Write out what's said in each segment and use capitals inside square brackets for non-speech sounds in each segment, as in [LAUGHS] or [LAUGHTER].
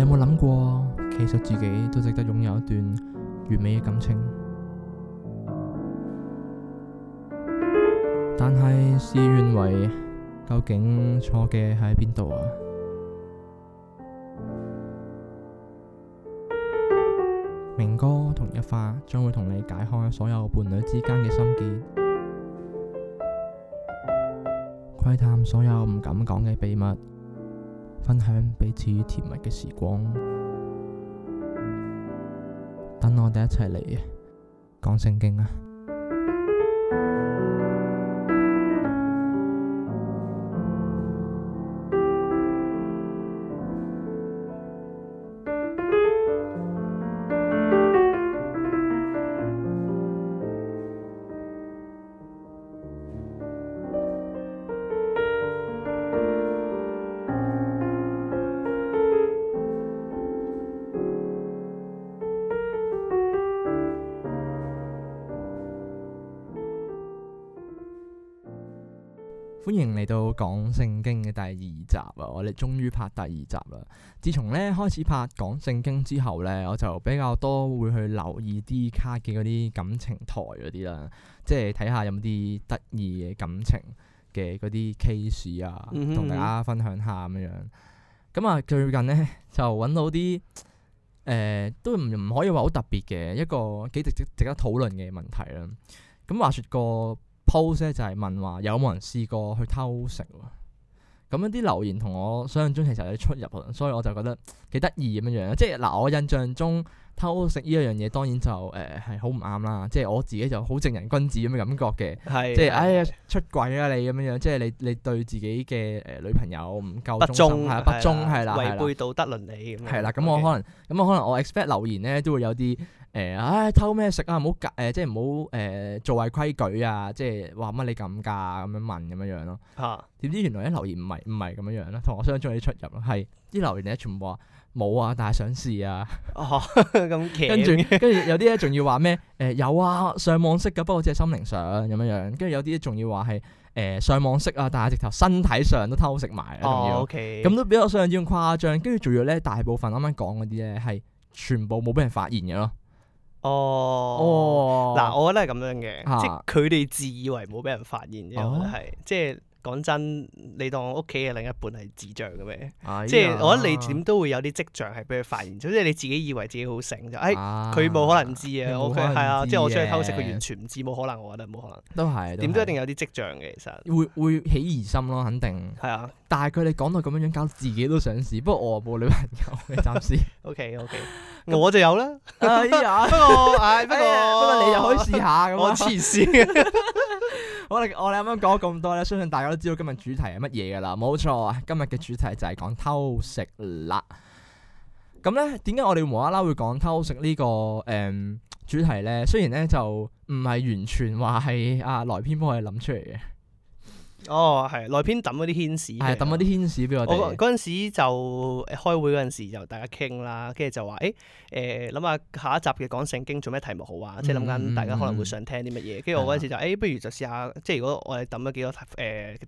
你有冇諗過，其實自己都值得擁有一段完美嘅感情？但係事與願違，究竟錯嘅喺邊度啊？明哥同一發將會同你解開所有伴侶之間嘅心結，窺探所有唔敢講嘅秘密。分享彼此甜蜜嘅時光，等我哋一齊嚟講性經啊！講性經嘅第二集啊，我哋終於拍第二集啦。自從咧開始拍講性經之後咧，我就比較多會去留意 D 卡嘅嗰啲感情台嗰啲啦，即係睇下有冇啲得意嘅感情嘅嗰啲 case 啊，同、嗯、哼大家分享下咁樣。咁、嗯、啊，最近咧就揾到啲誒、呃，都唔唔可以話好特別嘅一個幾值值值得討論嘅問題啦。咁、嗯、話說個。pose 就係、是、問話有冇人試過去偷食喎？咁樣啲留言同我想象中其實有出入，所以我就覺得幾得意咁樣樣。即係嗱、呃，我印象中偷食呢樣嘢當然就誒係好唔啱啦。即係我自己就好正人君子咁嘅感覺嘅。的即係哎呀出軌啊，你咁樣樣，即係你你對自己嘅誒、呃、女朋友唔夠忠係中啦，不忠係啦，違背道德倫理。係啦的，咁我可能咁我可能我 expect 留言咧都會有啲。誒，唉、欸哎，偷咩食啊？唔好夾，誒、呃，即係唔好，誒、呃，做壞規矩啊！即係話乜你咁噶、啊？咁樣問咁樣樣咯。吓，點知原來啲留言唔係唔係咁樣樣咧？我相同我想象有啲出入，係啲留言咧全部話冇啊，但係想試啊。哦，咁 [LAUGHS] 跟住跟住有啲咧仲要話咩？誒、 [LAUGHS] 呃，有啊，上網識噶，不過淨係心靈上咁樣樣。跟住有啲仲要話係誒上網識啊，但係直頭身體上都偷食埋。哦，O K。咁都、嗯、okay. 比我想象中誇張。跟住仲要咧，大部分啱啱講嗰啲咧，係全部冇俾人發現嘅咯。哦，嗱、oh, oh，我覺得係咁樣嘅，ah. 即係佢哋自以為冇俾人發現，我覺得係，即係。講真，你當屋企嘅另一半係智障嘅咩？即係我覺得你點都會有啲跡象係俾佢發現咗，即係你自己以為自己好醒就，哎，佢冇可能知嘅，我佢係啊，即係我出去偷食，佢完全唔知，冇可能，我覺得冇可能。都係，點都一定有啲跡象嘅，其實。會會起疑心咯，肯定。係啊，但係佢哋講到咁樣樣，搞自己都想試。不過我冇女朋友，暫時。O K O K，我就有啦。啊，不過，唉，不過，你又可以試下咁我黐線。好，我哋我哋啱啱講咁多咧，相信大家都知道今日主題係乜嘢噶啦。冇錯，今日嘅主題就係講偷食啦。咁咧，點解我哋無啦啦會講偷食呢、這個誒、嗯、主題咧？雖然咧就唔係完全話係阿來編幫我哋諗出嚟嘅。哦，係內篇揼嗰啲 hint，係揼嗰啲 hint 俾我哋。我嗰陣時就開會嗰陣時就大家傾啦，跟住就話誒誒諗下下一集嘅講性經做咩題目好啊？即係諗緊大家可能會想聽啲乜嘢。跟住、嗯、我嗰陣時就誒、欸，不如就試下，即係如果我哋揼咗幾個誒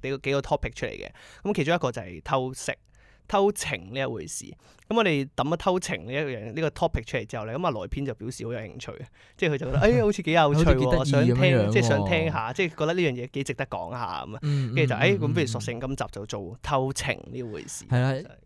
幾個幾個 topic 出嚟嘅，咁其中一個就係偷食。偷情呢一回事，咁我哋抌咗偷情呢一樣呢個 topic 出嚟之後咧，咁啊來編就表示好有興趣嘅，即係佢就覺得誒、 [LAUGHS] 哎、好似幾有趣喎， [LAUGHS] 趣想聽 [LAUGHS] 即係想聽下， [LAUGHS] 即係覺得呢樣嘢幾值得講下咁啊，跟住、嗯、就誒咁，嗯哎、不如索性今集就做偷情呢回事。係啦、嗯，嗯、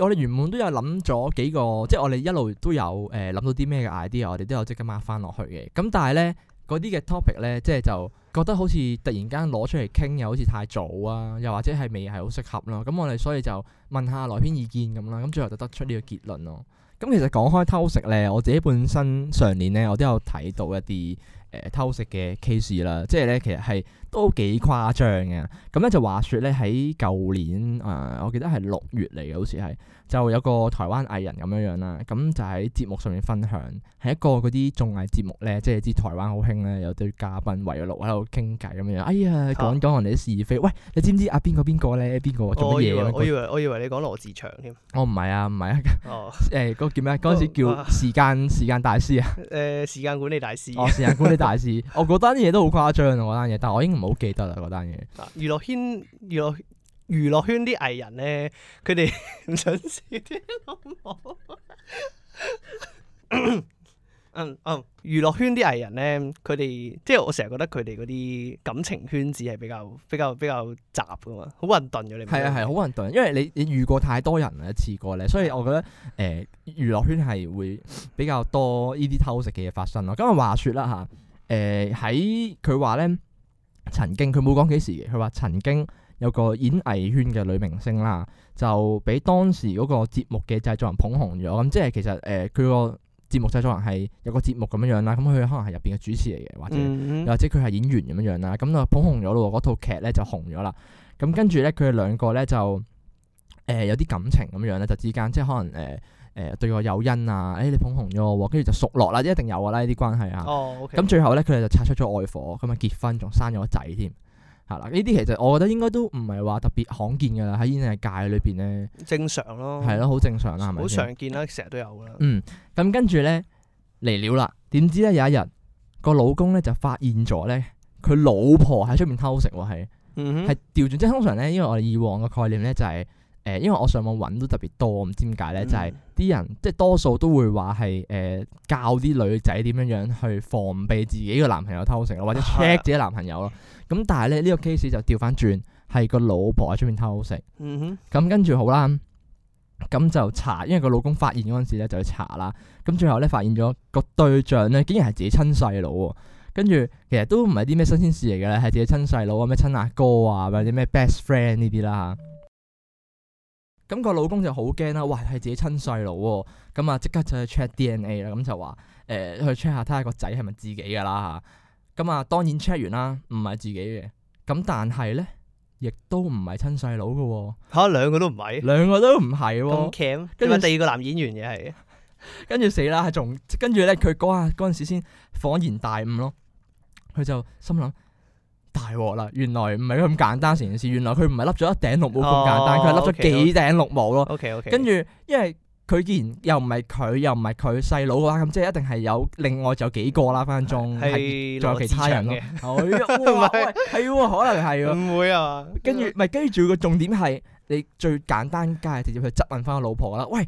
我哋原本都有諗咗幾個， [LAUGHS] 即係我哋一路都有誒諗到啲咩嘅 idea，我哋都有即刻 mark 翻落去嘅。咁但係咧。嗰啲嘅 topic 咧，即係就覺得好似突然間攞出嚟傾，又好似太早啊，又或者係未係好適合咯。咁我哋所以就問下來篇意見咁啦。咁最後就得出呢個結論咯。咁、嗯、其實講開偷食咧，我自己本身上年咧，我都有睇到一啲誒、呃、偷食嘅 case 啦，即係咧其實係都幾誇張嘅。咁咧就話説咧喺舊年啊、呃，我記得係六月嚟嘅，好似係。就有個台灣藝人咁樣樣啦，咁就喺節目上面分享，係一個嗰啲綜藝節目咧，即係知台灣好興咧，有對嘉賓圍咗六位喺度傾偈咁樣，哎呀，講講人哋啲是非，喂，你知唔知啊？邊個邊個咧？邊個做乜嘢？我以為、那個、我，以為我以為你講羅志祥添。我唔係啊，唔係啊。 [LAUGHS] 哎那個、哦，誒，嗰個叫咩？嗰陣時叫時間、哦啊、時間大師啊。誒、呃，時間管理大師。 [LAUGHS] [LAUGHS] 哦，時間管理大師。我嗰單嘢都好誇張啊，嗰單嘢，但我已經唔好記得啦，嗰單嘢。娛樂圈，娛樂。娛樂圈啲藝人咧，佢哋唔想試啲好唔好？嗯嗯，娛樂圈啲藝人咧，佢哋即係我成日覺得佢哋嗰啲感情圈子係比較比較比較，比較雜噶嘛，好混沌嘅你、啊。係啊係，好混沌，因為你你遇過太多人一次過咧，所以我覺得誒，娛樂圈係會比較多呢啲偷食嘅嘢發生咯。咁啊，話說啦吓，誒喺佢話咧，曾經佢冇講幾時嘅，佢話曾經。有個演藝圈嘅女明星啦，就俾當時嗰個節目嘅製作人捧紅咗。咁、嗯、即係其實誒佢個節目製作人係有個節目咁樣樣啦。咁、嗯、佢、嗯嗯、可能係入邊嘅主持嚟嘅，或者或者佢係演員咁樣樣啦。咁、嗯、就捧紅咗咯，嗰套劇咧就紅咗啦。咁跟住咧佢哋兩個咧就誒、呃、有啲感情咁樣咧，就之間即係可能誒誒、呃呃、對我有恩啊。誒、哎、你捧紅咗我，跟、嗯、住就熟落啦，一定有啦呢啲關係啊。咁、哦 okay. 最後咧佢哋就擦出咗愛火，咁啊結婚仲生咗個仔添。呢啲其實我覺得應該都唔係話特別罕見噶啦，喺演藝界裏邊呢，正常咯，係咯，好正常啦，係咪？好常見啦，成日都有噶。嗯，咁跟住呢，嚟料啦，點知呢，有一日個老公呢就發現咗呢，佢老婆喺出面偷食喎，係、嗯哼，係調轉，即係通常呢，因為我哋以往嘅概念呢就係。誒，因為我上網揾都特別多，唔知點解咧，嗯、就係啲人即係多數都會話係誒教啲女仔點樣樣去防備自己個男朋友偷食咯，或者 check 自己男朋友咯。咁、嗯、但係咧呢個 case 就調翻轉，係個老婆喺出面偷食。嗯哼。咁跟住好啦，咁就查，因為個老公發現嗰陣時咧就去查啦。咁最後咧發現咗個對象咧，竟然係自己親細佬喎。跟住其實都唔係啲咩新鮮事嚟嘅咧，係自己親細佬啊、咩親阿哥啊、或者咩 best friend 呢啲啦嚇。咁個老公就好驚、啊呃、啦，喂，係自己親細佬，咁啊即刻就去 check DNA 啦，咁就話，誒，去 check 下睇下個仔係咪自己噶啦吓，咁啊當然 check 完啦，唔係自己嘅，咁但係咧，亦都唔係親細佬噶，吓、啊，兩個都唔係，兩個都唔係、啊，好 cam 跟住第二個男演員嘅係著， [LAUGHS] 跟住死啦，仲跟住咧，佢嗰下嗰陣時先恍然大悟咯，佢就心諗。大鑊啦！原來唔係咁簡單，成件事，原來佢唔係笠咗一頂綠帽咁簡單，佢係笠咗幾頂綠帽咯。哦、okay, okay, 跟住，因為佢既然又唔係佢，又唔係佢細佬嘅話，咁即係一定係有另外就有幾個啦，反正仲仲有其他人咯。係喎、哎，係 [LAUGHS] 是可能係喎。唔會啊？跟住咪跟住，個重點係你最簡單，梗係直接去質問翻個老婆啦。喂。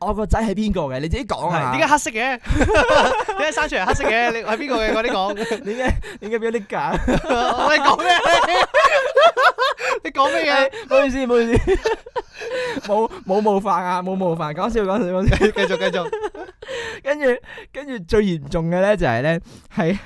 我個仔係邊個嘅？你自己講啊！點解黑色嘅？點解生出嚟黑色嘅？你係邊個嘅？快啲講！點解點解變咗啲架？我你講咩？你講咩嘢？唔好意思，唔好意思，冇冇冒犯啊！冇冒犯，講笑，講笑，講笑，繼續，繼續。跟住跟住最嚴重嘅咧，就係咧，係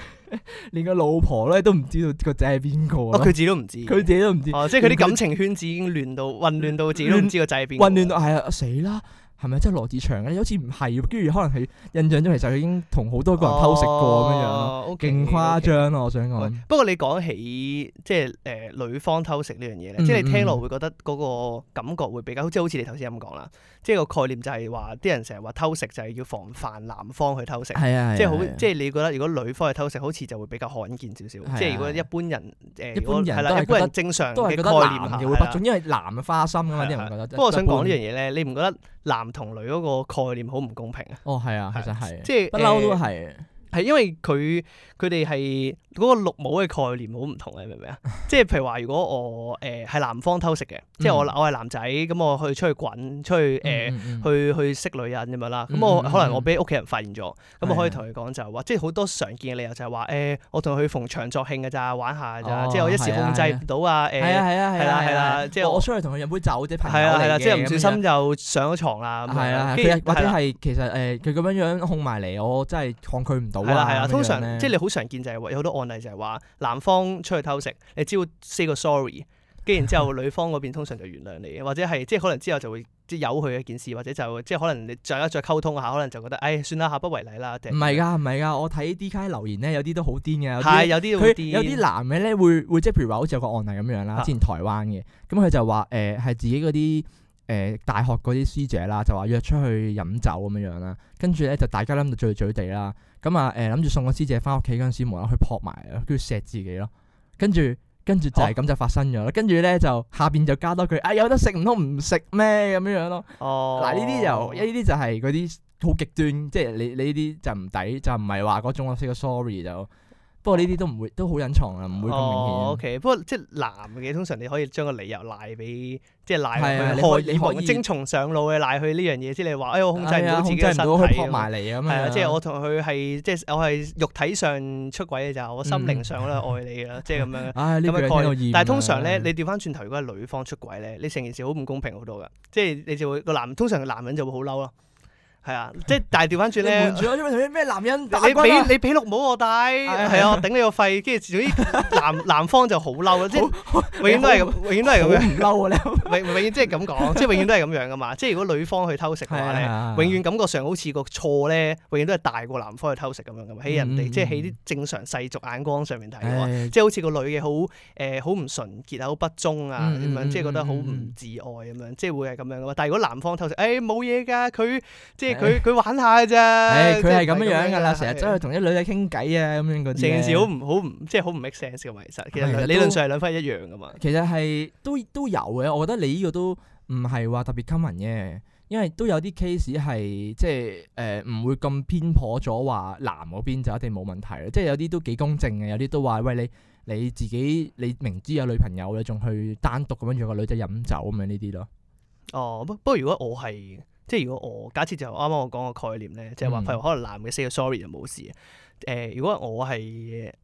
連個老婆咧都唔知道個仔係邊個。哦，佢自己都唔知。佢自己都唔知。哦，即係佢啲感情圈子已經亂到混亂到，自己都唔知個仔係邊。混亂到係啊，死啦！係咪即係羅志祥咧？好似唔係，跟住可能喺印象中，其實佢已經同好多個人偷食過咁樣樣，勁誇張咯！我想講。不過你講起即係誒女方偷食呢樣嘢咧，即係你聽落會覺得嗰個感覺會比較，即係好似你頭先咁講啦。即係個概念就係話，啲人成日話偷食就係要防範男方去偷食，係啊，即係好，即係你覺得如果女方去偷食，好似就會比較罕見少少。即係如果一般人誒，一般人，一般人正常嘅概念，總之係男嘅花心噶嘛啲人覺得。不過我想講呢樣嘢咧，你唔覺得？男同女嗰個概念好唔公平。哦、啊！哦係，係啊，其實係，即係不嬲都係啊！係因為佢佢哋係嗰個綠帽嘅概念好唔同嘅，明唔明啊？即係譬如話，如果我誒係男方偷食嘅，即係我我係男仔，咁我去出去滾，出去誒去去識女人咁樣啦。咁我可能我俾屋企人發現咗，咁我可以同佢講就話，即係好多常見嘅理由就係話誒，我同佢逢場作興㗎咋，玩下咋，即係我一時控制唔到啊誒，係啊係啊係啦係啦，即係我出去同佢飲杯酒啫，係啊係啦，即係唔小心就上咗床啦，係或者係其實誒佢咁樣樣控埋嚟，我真係抗拒唔到。係啦，係啦，通常即係你好常見就係、是、有好多案例就係話男方出去偷食，你只要 say 個 sorry，跟然之後女方嗰邊通常就原諒你， [LAUGHS] 或者係即係可能之後就會即係有佢一件事，或者就即係可能你再一再溝通下，可能就覺得誒、哎、算啦，下不為例啦。唔係噶，唔係噶，我睇 D K 留言咧，有啲都,有有都有好癲嘅，係有啲佢有啲男嘅咧會會即係，譬如話好似有個案例咁樣啦，啊、之前台灣嘅咁佢就話誒係自己嗰啲。誒、呃，大學嗰啲師姐啦，就話約出去飲酒咁樣樣啦，跟住咧就大家諗住醉醉地啦，咁啊誒諗住送個師姐翻屋企嗰陣時，無啦去撲埋，跟住錫自己咯，跟住跟住就係咁就發生咗啦。啊、跟住咧就下邊就加多句啊有得食唔通唔食咩咁樣樣咯。哦、oh.，嗱呢啲就呢啲就係嗰啲好極端，即係你你呢啲就唔抵，就唔係話嗰種我識個 sorry 就。不過呢啲都唔會，都好隱藏啊，唔會咁明顯。O K，不過即係男嘅，通常你可以將個理由賴俾，即係賴佢害，你學精蟲上腦嘅賴佢呢樣嘢先。你話，哎，我控制唔到自己嘅身體。係啊，即係我同佢係，即係我係肉體上出軌就，我心靈上我都係愛你噶啦，即係咁樣。咁呢概念。但係通常咧，你調翻轉頭，如果係女方出軌咧，你成件事好唔公平好多噶，即係你就會個男，通常男人就會好嬲咯。係啊，即係但係調翻轉咧，你瞞住我，啲咩男人，你俾你俾綠帽我戴，係啊，頂你個肺，跟住總之男男方就好嬲啦，即係永遠都係咁，永遠都係咁樣唔嬲啊你，永永遠即係咁講，即係永遠都係咁樣噶嘛，即係如果女方去偷食嘅話咧，永遠感覺上好似個錯咧，永遠都係大過男方去偷食咁樣噶嘛，喺人哋即係喺啲正常世俗眼光上面睇嘅話，即係好似個女嘅好誒好唔純潔啊，好不忠啊咁樣，即係覺得好唔自愛咁樣，即係會係咁樣噶嘛，但係如果男方偷食，誒冇嘢噶，佢即係。佢佢玩下嘅啫，佢係咁樣噶啦，成日走去同啲女仔傾偈啊，咁樣嗰啲。成件事好唔好唔即係好唔 make sense 嘅嘛？其實其實理論上係都兩分一樣嘅嘛。其實係都都有嘅，我覺得你呢個都唔係話特別 common 嘅，因為都有啲 case 係即係誒唔會咁偏頗咗話男嗰邊就一定冇問題咯，即係有啲都幾公正嘅，有啲都話喂，你你自己你明知有女朋友你仲去單獨咁樣約個女仔飲酒咁樣呢啲咯。哦，不不過如果我係即係如果我假設就啱啱我講個概念咧，就係話譬如可能男嘅 say sorry 就冇事。誒、呃，如果我係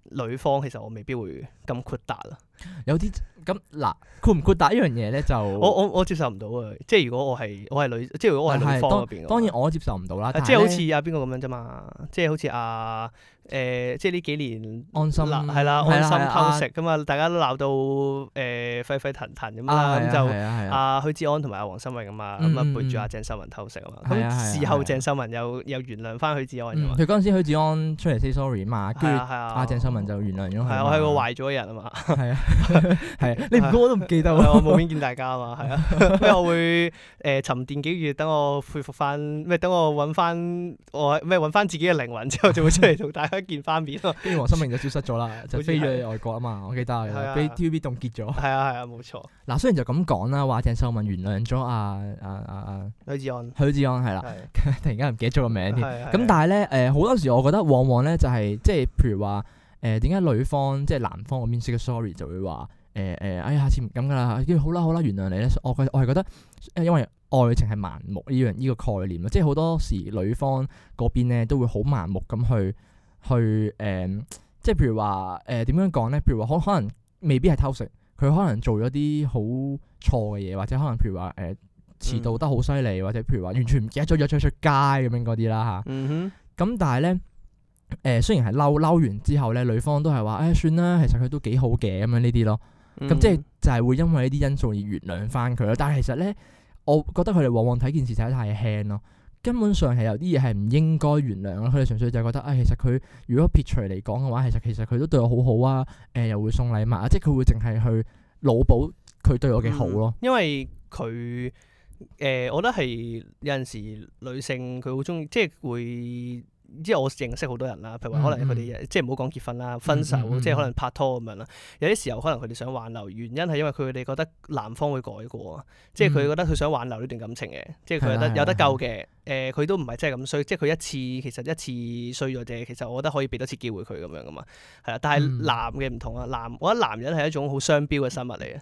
女方，其實我未必會咁闊達啦。有啲咁嗱，闊唔闊達呢樣嘢咧就 [LAUGHS] 我我我接受唔到啊！即係如果我係我係女，即係如果我係女方嗰邊。當然我接受唔到啦。即係好似阿邊個咁樣啫嘛。即係好似阿。誒，即係呢幾年安心啦，係啦，安心偷食咁啊，大家都鬧到誒沸沸騰騰咁啦，咁就阿許志安同埋阿黃心穎啊嘛，咁啊背住阿鄭秀文偷食啊嘛，咁事後鄭秀文又又原諒翻許志安，佢嗰陣時許志安出嚟 say sorry 嘛，跟住係啊，阿鄭秀文就原諒咗佢。係我係個壞咗嘅人啊嘛。係啊，係你唔講我都唔記得啊，我冇面見大家啊嘛，係啊，所以我會誒沉澱幾月，等我恢復翻咩，等我揾翻我咩揾翻自己嘅靈魂之後，就會出嚟做大一見翻面咯，跟住黃心穎就消失咗啦， [LAUGHS] 就飛咗去外國啊嘛。我記得係俾 T V B 凍結咗。係啊，係啊，冇錯。嗱、啊，雖然就咁講啦，話鄭秀文原諒咗啊啊啊許志安，許志安係啦，的突然間唔記得咗個名添。咁的但係咧，誒、呃、好多時，我覺得往往咧就係即係，譬如話誒點解女方即係男方嗰邊寫個 sorry 就會話誒誒哎呀，下次唔敢㗎啦。跟、啊、住、啊、好啦，好啦，原諒你咧。我我係覺得因為愛情係盲目呢樣呢個概念，即係好多時女方嗰邊咧都會好盲目咁去。去誒、呃，即係譬如話誒點樣講咧？譬如話可可能未必係偷食，佢可能做咗啲好錯嘅嘢，或者可能譬如話誒遲到得好犀利，或者譬如話、呃、完全唔記得咗約咗出街咁樣嗰啲啦吓，咁但係咧誒，雖然係嬲嬲完之後咧，女方都係話誒算啦，其實佢都幾好嘅咁樣呢啲咯。咁、嗯、即係就係會因為呢啲因素而原諒翻佢咯。但係其實咧，我覺得佢哋往往睇件事睇得太輕咯。根本上係有啲嘢係唔應該原諒咯，佢哋純粹就係覺得啊、哎，其實佢如果撇除嚟講嘅話，其實其實佢都對我好好啊，誒、呃、又會送禮物啊，即係佢會淨係去老保佢對我嘅好咯。嗯、因為佢誒、呃，我覺得係有陣時女性佢好中意，即係會。即係我認識好多人啦，譬如話可能佢哋、嗯嗯、即係唔好講結婚啦、分手，嗯嗯嗯嗯即係可能拍拖咁樣啦。有啲時候可能佢哋想挽留，原因係因為佢哋覺得男方會改過，即係佢覺得佢想挽留呢段感情嘅，嗯、即係佢覺得有得救嘅。誒、呃，佢都唔係真係咁衰，即係佢一次其實一次衰咗啫。其實我覺得可以俾多次機會佢咁樣噶嘛。係啦，但係男嘅唔同啊，男我覺得男人係一種好雙標嘅生物嚟嘅。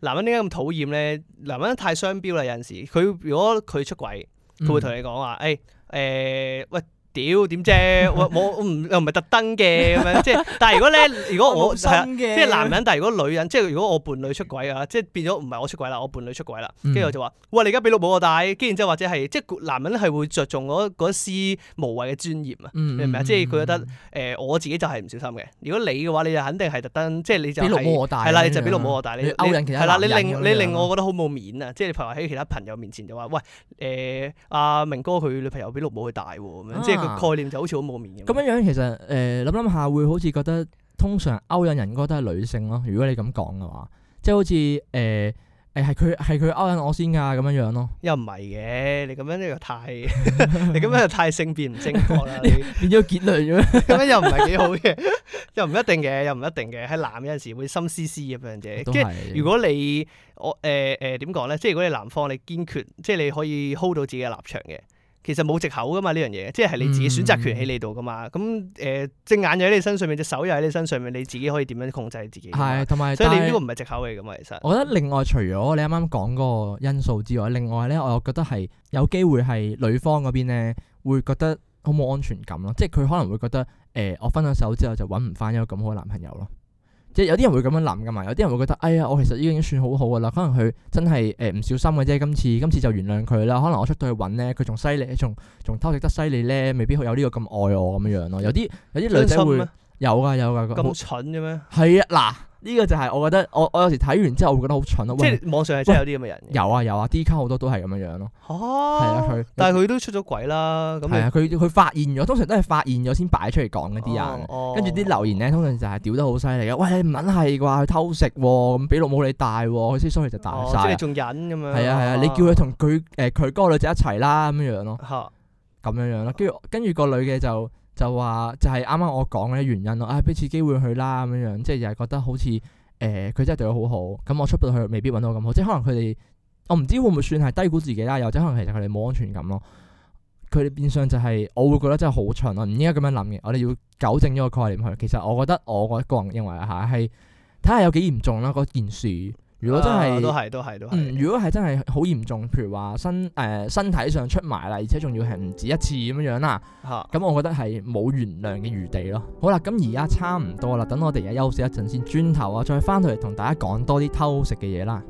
男人點解咁討厭咧？男人太雙標啦！有陣時佢如果佢出軌，佢會同你講話誒誒，喂。屌點啫？我我唔又唔係特登嘅咁樣，即係 [LAUGHS] 但係如果咧，如果我係 [LAUGHS] 即係男人，但係如果女人，即係如果我伴侶出軌啊，即係變咗唔係我出軌啦，我伴侶出軌啦，跟住、嗯、我就話：喂，你而家俾綠帽我戴。跟住之後或者係即係男人係會着重嗰嗰絲無謂嘅尊嚴啊，嗯、你明唔明？即係佢覺得誒、呃、我自己就係唔小心嘅。如果你嘅話，你就肯定係特登，即係你就係係啦，你就俾綠帽我戴。你勾引其他男人嘅。係啦，你令你令我覺得好冇面啊！即係你譬如話喺其他朋友面前就話：喂，誒、呃、阿明哥佢女朋友俾綠帽佢戴喎咁樣，即係、啊。概念就好似好冇面咁。咁、啊、樣其實誒諗諗下，會好似覺得通常勾引人嗰都係女性咯。如果你咁講嘅話，即係好似誒誒係佢係佢勾引我先㗎咁樣樣咯。又唔係嘅，你咁樣呢個太 [LAUGHS] [LAUGHS] 你咁樣又太性別唔正確啦。變咗 [LAUGHS] 結論咁樣又唔係幾好嘅， [LAUGHS] 又唔一定嘅，又唔一定嘅。喺男有陣時候會心思思咁樣嘅。跟住是如果你我誒誒點講咧？即係如果你男方你堅決，即係你可以 hold 到自己嘅立場嘅。其實冇藉口噶嘛，呢樣嘢，即係你自己選擇權喺你度噶嘛。咁誒、嗯，隻、呃、眼又喺你身上面，隻手又喺你身上面，你自己可以點樣控制自己？係，同埋所以你呢個唔係藉口嚟噶嘛？其實我覺得另外除咗你啱啱講嗰個因素之外，另外呢，我又覺得係有機會係女方嗰邊呢會覺得好冇安全感咯。即係佢可能會覺得誒、呃，我分咗手之後就揾唔翻一個咁好嘅男朋友咯。即係有啲人會咁樣諗噶嘛，有啲人會覺得哎呀，我其實已經算好好噶啦。可能佢真係誒唔小心嘅啫，今次今次就原諒佢啦。可能我出到去揾呢，佢仲犀利，仲仲偷食得犀利呢，未必有呢個咁愛我咁樣樣、啊、咯。有啲有啲女仔會親親有噶有噶咁蠢嘅咩？係啊，嗱。嗯呢個就係我覺得，我我有時睇完之後，我會覺得好蠢咯。即係網上係真係有啲咁嘅人。有啊有啊，D 卡好多都係咁樣樣咯。嚇！係啊，佢。但係佢都出咗軌啦。係啊，佢佢發現咗，通常都係發現咗先擺出嚟講嗰啲人。跟住啲留言咧，通常就係屌得好犀利嘅。喂，唔撚係啩？去偷食喎，咁比老母你大喎，先所以就大曬。即係仲忍咁樣。係啊係啊，你叫佢同佢誒佢嗰個女仔一齊啦，咁樣樣咯。咁樣樣啦，跟住跟住個女嘅就。就話就係啱啱我講嘅原因咯，唉、啊、俾次機會去啦咁樣樣，即係又係覺得好似誒佢真係對我好好，咁我出到去未必揾到咁好，即係可能佢哋我唔知會唔會算係低估自己啦，又或者可能其實佢哋冇安全感咯，佢哋變相就係、係、我會覺得真係好蠢咯，唔應該咁樣諗嘅，我哋要糾正呢個概念去。其實我覺得我我個人認為嚇係睇下有幾嚴重啦嗰件事。如果真係、啊、都係都係都係、嗯，如果係真係好嚴重，譬如話身誒、呃、身體上出埋啦，而且仲要係唔止一次咁樣、啊、樣啦，吓咁，我覺得係冇原諒嘅餘地咯。嗯、好啦，咁而家差唔多啦，等我哋而家休息一陣先，轉頭啊，再翻到嚟同大家講多啲偷食嘅嘢啦。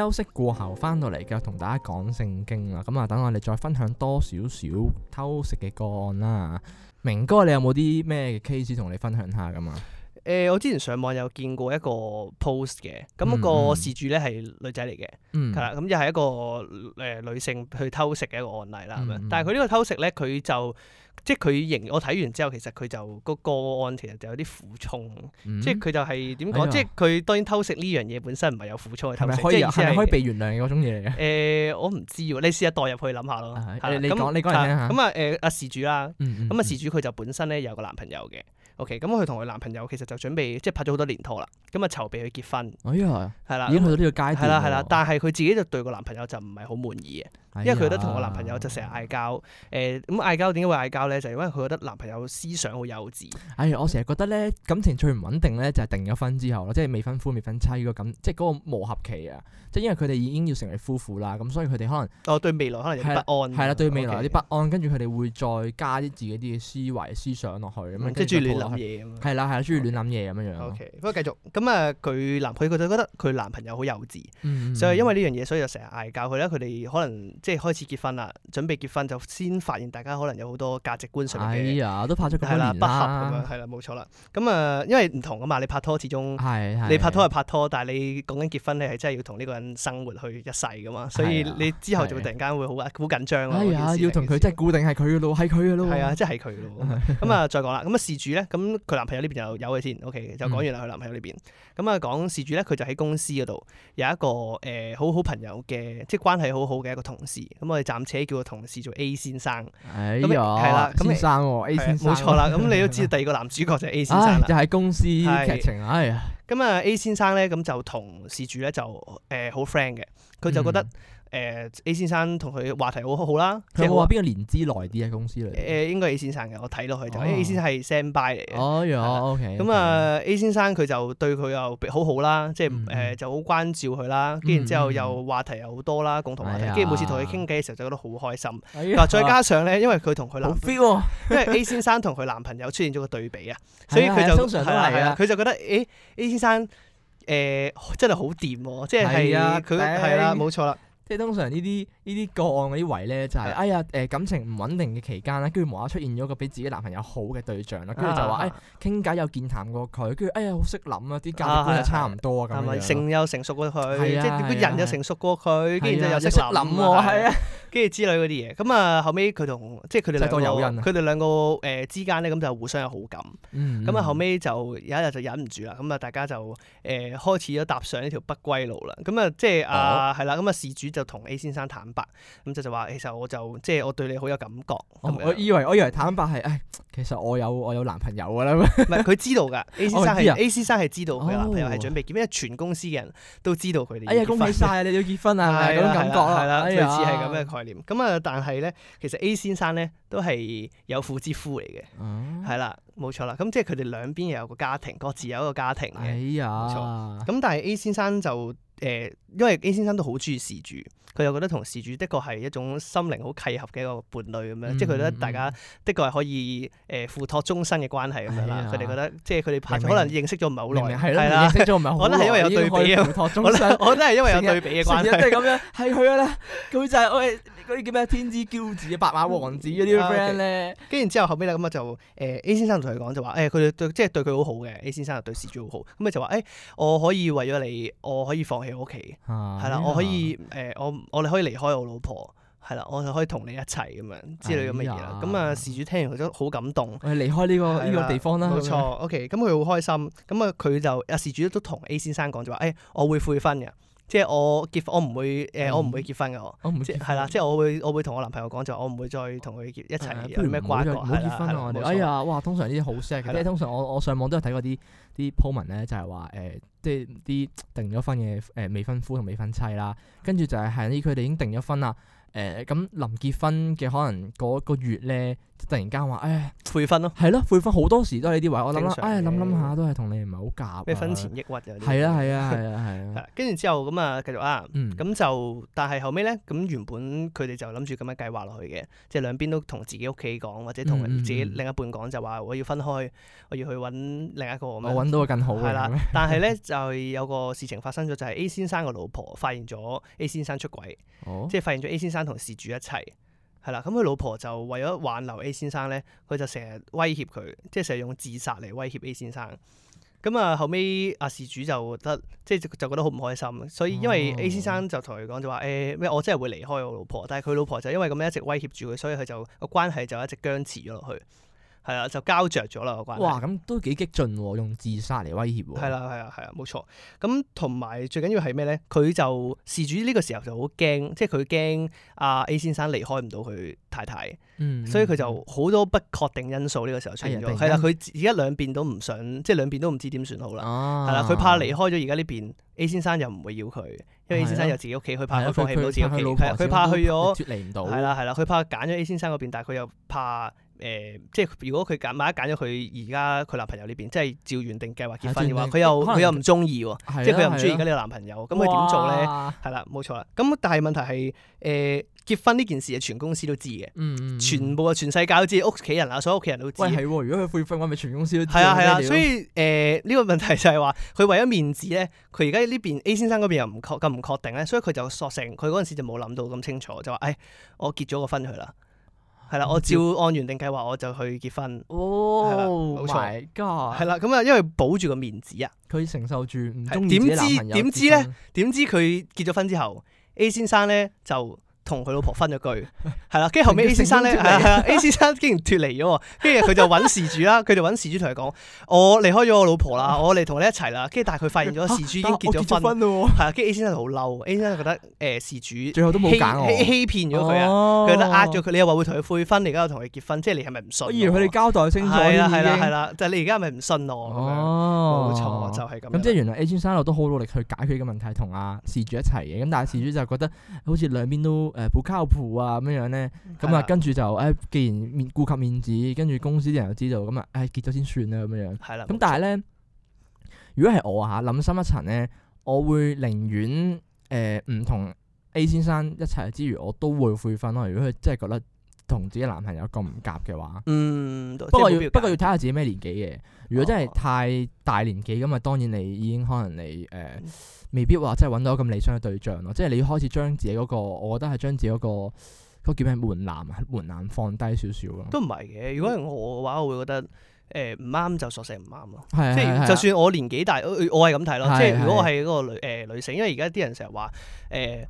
休息過後翻到嚟繼續同大家講性經啦。咁啊，等我哋再分享多少少偷食嘅個案啦。明哥，你有冇啲咩嘅 case 同你分享下㗎嘛？誒，我之前上網有見過一個 post 嘅，咁個事主咧係女仔嚟嘅，係啦，咁又係一個誒女性去偷食嘅一個案例啦，咁樣。但係佢呢個偷食咧，佢就即係佢認，我睇完之後其實佢就個個案其實就有啲苦衷，即係佢就係點講？即係佢當然偷食呢樣嘢本身唔係有苦衷去偷食，即係係咪可以被原諒嘅嗰種嘢咧？誒，我唔知喎，你試下代入去諗下咯。咁你講，你講嚟聽下。咁啊，誒阿事主啦，咁啊事主佢就本身咧有個男朋友嘅。O.K. 咁佢同佢男朋友其實就準備即係拍咗好多年拖啦，咁啊籌備去結婚。哦，oh yeah，係啦，已經去到呢個階段啦，係啦。但係佢自己就對個男朋友就唔係好滿意嘅。因為佢覺得同我男朋友就成日嗌交，誒咁嗌交點解會嗌交咧？就係因為佢覺得男朋友思想好幼稚。哎我成日覺得咧感情最唔穩定咧就係定咗婚之後咯，即係未婚夫未婚妻個咁，即係嗰個磨合期啊！即係因為佢哋已經要成為夫婦啦，咁所以佢哋可能哦對未來可能有不安，係啦，對未來有啲不安，跟住佢哋會再加啲自己啲嘅思維思想落去，咁跟住亂諗嘢，係啦係啦，中意亂諗嘢咁樣樣。OK，不過繼續。咁啊，佢男佢佢就覺得佢男朋友好幼稚，嗯、所以因為呢樣嘢，所以就成日嗌交。佢啦。佢哋可能。即係開始結婚啦，準備結婚就先發現大家可能有好多價值觀上嘅嘢。係啊、哎，都拍出不合咁樣。係啦，冇錯啦。咁啊，因為唔同啊嘛，你拍拖始終、哎、呀你拍拖係拍拖，但係你講緊結婚咧係真係要同呢個人生活去一世噶嘛，所以你之後就會突然間會好好、哎、呀緊張。係啊、哎呀，要同佢即係固定係佢嘅咯，係佢嘅咯。係啊，即係係佢咯。咁啊、 [LAUGHS] 嗯，再講啦。咁、嗯、啊，事主咧，咁佢男朋友呢邊就有嘅先，OK，就講完啦。佢男朋友呢邊，咁啊、嗯，講事主咧，佢就喺公司嗰度有一個誒、呃、好好朋友嘅，即係關係好好嘅一個同事。咁我哋暫且叫個同事做 A 先生，哎呀呦，係啦那，先生 A 先生、啊，冇錯啦。咁、啊、你都知道第二個男主角就係 A 先生啦、啊，就喺、是、公司劇情，是哎呀。咁啊 A 先生咧，咁就同事主咧就誒好 friend 嘅，佢就覺得、嗯。誒 A 先生同佢話題好好啦，佢話邊個年資耐啲嘅公司嚟？誒應該係 A 先生嘅，我睇落去就 A 先生係 senior 嚟嘅。哦，原嚟 OK 咁啊，A 先生佢就對佢又好好啦，即係誒就好關照佢啦。跟住之後又話題又好多啦，共同話題。跟住每次同佢傾偈嘅時候，就覺得好開心。嗱，再加上咧，因為佢同佢男，因為 A 先生同佢男朋友出現咗個對比啊，所以佢就常係啊，佢就覺得誒 A 先生誒真係好掂喎，即係係佢係啦，冇錯啦。即係通常呢啲呢啲個案嗰啲圍咧，就係的哎呀誒、呃、感情唔穩定嘅期間啦，跟住無啦出現咗個比自己男朋友好嘅對象啦，跟住、啊、就話誒傾偈又健談過佢，跟住哎呀好識諗啊，啲價值觀又差唔多啊咁係咪？性樣又成熟過佢，的即係人又成熟過佢，跟住的就又識識諗喎。跟住之類嗰啲嘢，咁啊後尾佢同即係佢哋兩個，佢哋兩個誒之間咧，咁就互相有好感。咁啊後尾就有一日就忍唔住啦，咁啊大家就誒開始咗踏上呢條不歸路啦。咁啊即係啊係啦，咁啊事主就同 A 先生坦白，咁就就話其實我就即係我對你好有感覺。我以為我以為坦白係誒，其實我有我有男朋友㗎啦。唔係佢知道㗎，A 先生係 A 先生係知道佢男朋友係準備結。因為全公司嘅人都知道佢哋。哎呀恭喜曬，你要結婚啊，係咪嗰種感覺啊？係啦，類似係咁嘅。咁啊，但係咧，其實 A 先生咧都係有婦之夫嚟嘅，係啦，嗯，冇錯啦。咁即係佢哋兩邊有個家庭，各自有一個家庭嘅，哎呀，冇錯。咁但係 A 先生就誒、呃，因為 A 先生都好中意事主。佢又覺得同事主的確係一種心靈好契合嘅一個伴侶咁樣，即係佢覺得大家的確係可以誒付託終身嘅關係咁樣啦。佢哋覺得即係佢哋可能認識咗唔係好耐，認識咗唔係好。我覺得係因為有對比。我覺得係因為有對比嘅關係，即係咁樣。係佢咧，佢就係喂嗰啲叫咩天之驕子、白馬王子嗰啲 friend 咧。跟住然之後後尾咧咁啊就誒 A 先生同佢講就話誒佢哋即係對佢好好嘅 A 先生對事主好好，咁啊就話誒我可以為咗你，我可以放棄我屋企，係啦，我可以誒我。我哋可以離開我老婆，係啦，我就可以同你一齊咁樣之類咁嘅嘢啦。咁啊事主聽完佢都好感動，係離開呢個呢個地方啦。冇錯，OK。咁佢好開心。咁啊佢就啊事主都同 A 先生講咗話，誒，我會悔婚嘅，即係我結我唔會誒，我唔會結婚嘅我。我唔會係啦，即係我會我會同我男朋友講咗：「我唔會再同佢結一齊嘅。有咩瓜葛？唔好結婚我哋。」哎呀，哇！通常呢啲好 set 嘅，即係通常我我上網都有睇過啲啲 po 文咧，就係話誒。即係啲訂咗婚嘅誒未婚夫同未婚妻啦，跟住就係喺呢，佢哋已經訂咗婚啦。誒，咁臨、呃、結婚嘅可能嗰個月咧，突然間話誒悔婚訓咯，係咯悔婚好多時都係呢啲位，我諗啦，誒諗諗下都係同你唔係好夾，咩婚前抑鬱啊，係啦係啊，係啊， [LAUGHS] 係啦，跟住之後咁啊繼續啊，咁就但係後尾咧，咁原本佢哋就諗住咁樣計劃落去嘅，即係兩邊都同自己屋企講或者同自己另一半講，就話我要分開，我要去搵另一個，嗯、樣我搵到個更好係啦，但係咧就有個事情發生咗，就係、是、A 先生嘅老婆發現咗 A 先生出軌，哦、即係發現咗 A 先生。同事主一齊，係啦，咁佢老婆就為咗挽留 A 先生咧，佢就成日威脅佢，即係成日用自殺嚟威脅 A 先生。咁、嗯、啊，後尾阿事主就得，即係就覺得好唔開心。所以因為 A 先生就同佢講就話，誒咩、哦欸，我真係會離開我老婆，但係佢老婆就因為咁樣一直威脅住佢，所以佢就個關係就一直僵持咗落去。係啊，就膠着咗啦，個關係。哇，咁都幾激進，用自殺嚟威脅。係啦，係啊，係啊，冇錯。咁同埋最緊要係咩咧？佢就事主呢個時候就好驚，即係佢驚阿 A 先生離開唔到佢太太。所以佢就好多不確定因素呢個時候出現咗。係啦，佢而家兩邊都唔想，即係兩邊都唔知點算好啦。哦。係啦，佢怕離開咗而家呢邊，A 先生又唔會要佢，因為 A 先生有自己屋企，佢怕佢放棄唔到自己屋企。佢怕去咗脫離唔到。係啦，係啦，佢怕揀咗 A 先生嗰邊，但係佢又怕。誒、呃，即係如果佢揀，萬一揀咗佢而家佢男朋友呢邊，即係照原定計劃結婚嘅話，佢定又佢能又唔中意喎，的即係佢又唔中意而家呢個男朋友，咁佢點做咧？係啦嘩，冇錯啦。咁但係問題係誒、呃、結婚呢件事，係全公司都知嘅，嗯、全部啊，全世界都知，屋企人啊，所有屋企人都知。如果佢悔婚，話咪全公司都知。係啊，係啊。所以誒，呢、呃呢個問題就係話，佢為咗面子咧，佢而家呢邊 A 先生嗰邊又唔確咁唔確定咧，所以佢就索性佢嗰陣時就冇諗到咁清楚，就話誒，我結咗個婚佢啦。係啦，我照按原定計劃，我就去結婚。哦，冇錯了。係啦、oh，咁啊，因為保住個面子啊，佢承受住唔中意，點知點知咧？點知佢結咗婚之後，A 先生咧就。同佢老婆分咗句，係啦，跟住後尾 A 先生咧，係啊，A 先生竟然脫離咗，跟住佢就揾事主啦，佢就揾事主同佢講：我離開咗我老婆啦，我嚟同你一齊啦。跟住但係佢發現咗事主已經結咗婚喎，跟住 A 先生好嬲，A 先生覺得誒事主最後都冇揀我，欺騙咗佢啊，佢覺得呃咗佢，你又話會同佢悔婚，而家又同佢結婚，即係你係咪唔信？如佢哋交代清楚啦，係啦係，啦，但係你而家係咪唔信咯？冇錯，就係咁。咁即係原來 A 先生都好努力去解決嘅問題，同阿事主一齊嘅，咁但係事主就覺得好似兩邊都。誒好靠譜啊，咁樣咧，咁啊、嗯、跟住就誒、嗯哎，既然顧及面子，跟住公司啲人又知道，咁啊誒結咗先算啦，咁樣。係啦的。咁但係咧，如果係我嚇諗深一層咧，我會寧願誒唔、呃、同 A 先生一齊之餘，我都會悔婚咯。如果佢真係覺得。同自己男朋友咁唔夾嘅話，嗯，不過要，要不過要睇下自己咩年紀嘅。如果真係太大年紀咁啊，當然你已經可能你誒、呃、未必話真係揾到咁理想嘅對象咯。即係你要開始將自己嗰、嗰個，我覺得係將自己嗰、嗰個嗰個叫咩門檻啊，門檻放低少少咯。都唔係嘅。如果我嘅話，我會覺得誒唔啱就索性唔啱咯。即係、就係啊、就算我年紀大，我我係咁睇咯。即係如果我係嗰個女性，因為而家啲人成日話誒。呃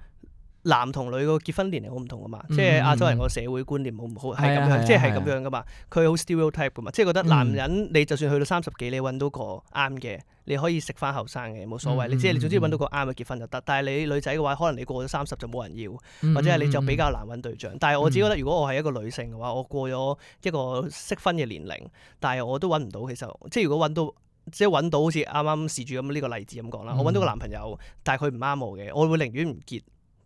男同女嗰個結婚年齡好唔同噶嘛，即係亞洲人個社會觀念好唔好係咁樣，即係咁樣噶嘛。佢好 stereotype 噶嘛，即係覺得男人你就算去到三十幾，你揾到個啱嘅，你可以食翻後生嘅冇所謂，你即係你總之揾到個啱嘅結婚就得。但係你女仔嘅話，可能你過咗三十就冇人要，或者係你就比較難揾對象。但係我只覺得，如果我係一個女性嘅話，我過咗一個適婚嘅年齡，但係我都揾唔到。其實即係如果揾到，即係揾到好似啱啱事主咁呢個例子咁講啦，我揾到個男朋友，但係佢唔啱我嘅，我會寧願唔結。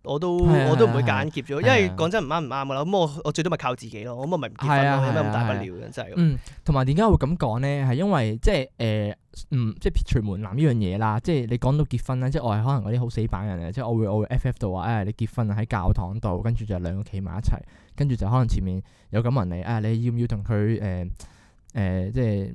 我都的我都唔會揀劫咗，的因為講真唔啱唔啱噶啦。咁我的我最多咪靠自己咯。咁的我咪唔結婚咯，有咩大不了嘅真係。嗯，同埋點解我會咁講咧？係因為即係誒、呃，嗯，即係撇除門檻呢樣嘢啦。即係你講到結婚啦，即係我係可能嗰啲好死板人嚟，即係我會我會 FF 到話，誒、哎、你結婚啊喺教堂度，跟住就兩個企埋一齊，跟住就可能前面有咁問你，啊、哎、你要唔要同佢誒誒即係嗰、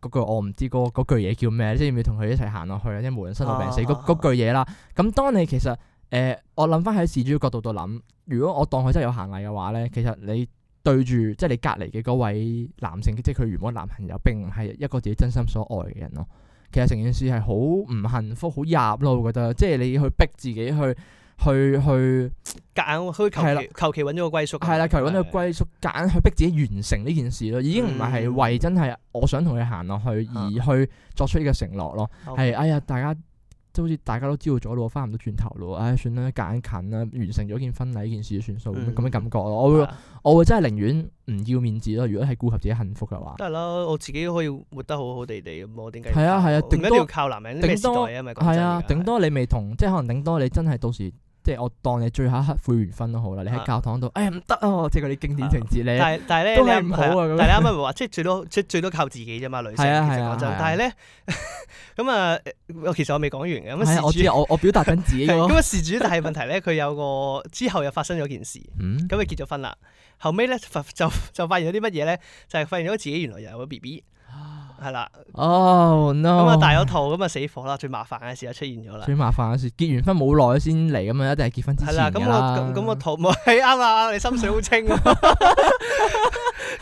嗰個我唔知嗰句嘢叫咩，即係要唔要同佢一齊行落去咧？即係無論生老病死嗰、啊、句嘢啦。咁、啊、當你其實。誒、呃，我諗翻喺事主角度度諗，如果我當佢真係有行禮嘅話咧，其實你對住即係你隔離嘅嗰位男性，即係佢原本男朋友並唔係一個自己真心所愛嘅人咯，其實成件事係好唔幸福、好夾咯，我覺得。即係你去逼自己去、去、去，夾硬去求求其揾咗個歸宿。係啦，求其揾咗個歸宿，夾硬去逼自己完成呢件事咯，已經唔係係為真係我想同佢行落去而去作出呢個承諾咯，係 Okay. 哎呀、呃，大家。.即係好似大家都知道咗咯，翻唔到轉頭咯，唉，算啦，夾硬近啦，完成咗件婚禮呢件事就算數咁嘅感覺咯，我會的我會真係寧願唔要面子咯，如果係顧及自己幸福嘅話。都係我自己都可以活得好好地地咁，要我點解？係啊係啊，頂多要靠男人咩時代啊，咪係啊，頂多，頂多你未同，即係可能頂多你真係到時。即係我當你最後一刻悔完婚都好啦，你喺教堂度，哎呀唔得啊！即係嗰啲經典情節你都睇唔好啊！大家咪話，即係最多，即係最多靠自己啫嘛，女性其實講真。但係咧，咁啊，其實我未講完嘅。咁事主我我表達緊自己咁啊事主，但係問題咧，佢有個之後又發生咗件事。咁佢結咗婚啦，後尾咧就就發現咗啲乜嘢咧？就係發現咗自己原來又有個 BB。係啦， [MUSIC] 哦 no，咁啊大咗肚，咁啊、嗯嗯、死火啦，最麻煩嘅事就出現咗啦。最麻煩嘅事，結完婚冇耐先嚟，咁啊一定係結婚之前。係啦、嗯，咁我咁咁個圖，冇係啱啊！你心水好清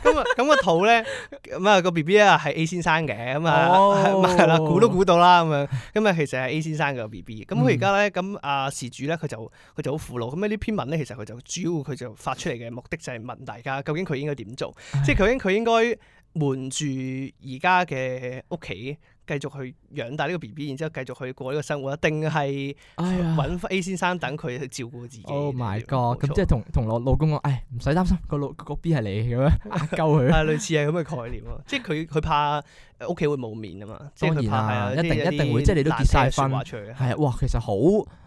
咁啊咁個圖咧，咁啊個 B B 啊係 A 先生嘅，咁啊係啦，估都估到啦，咁、嗯、樣。咁啊其實係 A 先生嘅 B B，咁佢而家咧，咁啊事主咧佢就佢就好苦惱，咁呢篇文咧其實佢就主要佢就發出嚟嘅目的就係問大家究竟佢應該點做，即係佢應佢應該。瞞住而家嘅屋企，繼續去養大呢個 B B，然之後繼續去過呢個生活，一定係揾 A 先生等佢去照顧自己。Oh my god！咁錯即係同同我老公講，唉、哎，唔使擔心，個老個 B 係你咁樣，救佢。係 [LAUGHS] [LAUGHS] 類似係咁嘅概念咯， [LAUGHS] 即係佢佢怕屋企會冇面啊嘛。當然啦，些一定一定會，即係你都結曬婚，係啊！ [LAUGHS] [LAUGHS] [LAUGHS] 哇，其實好～ [LAUGHS]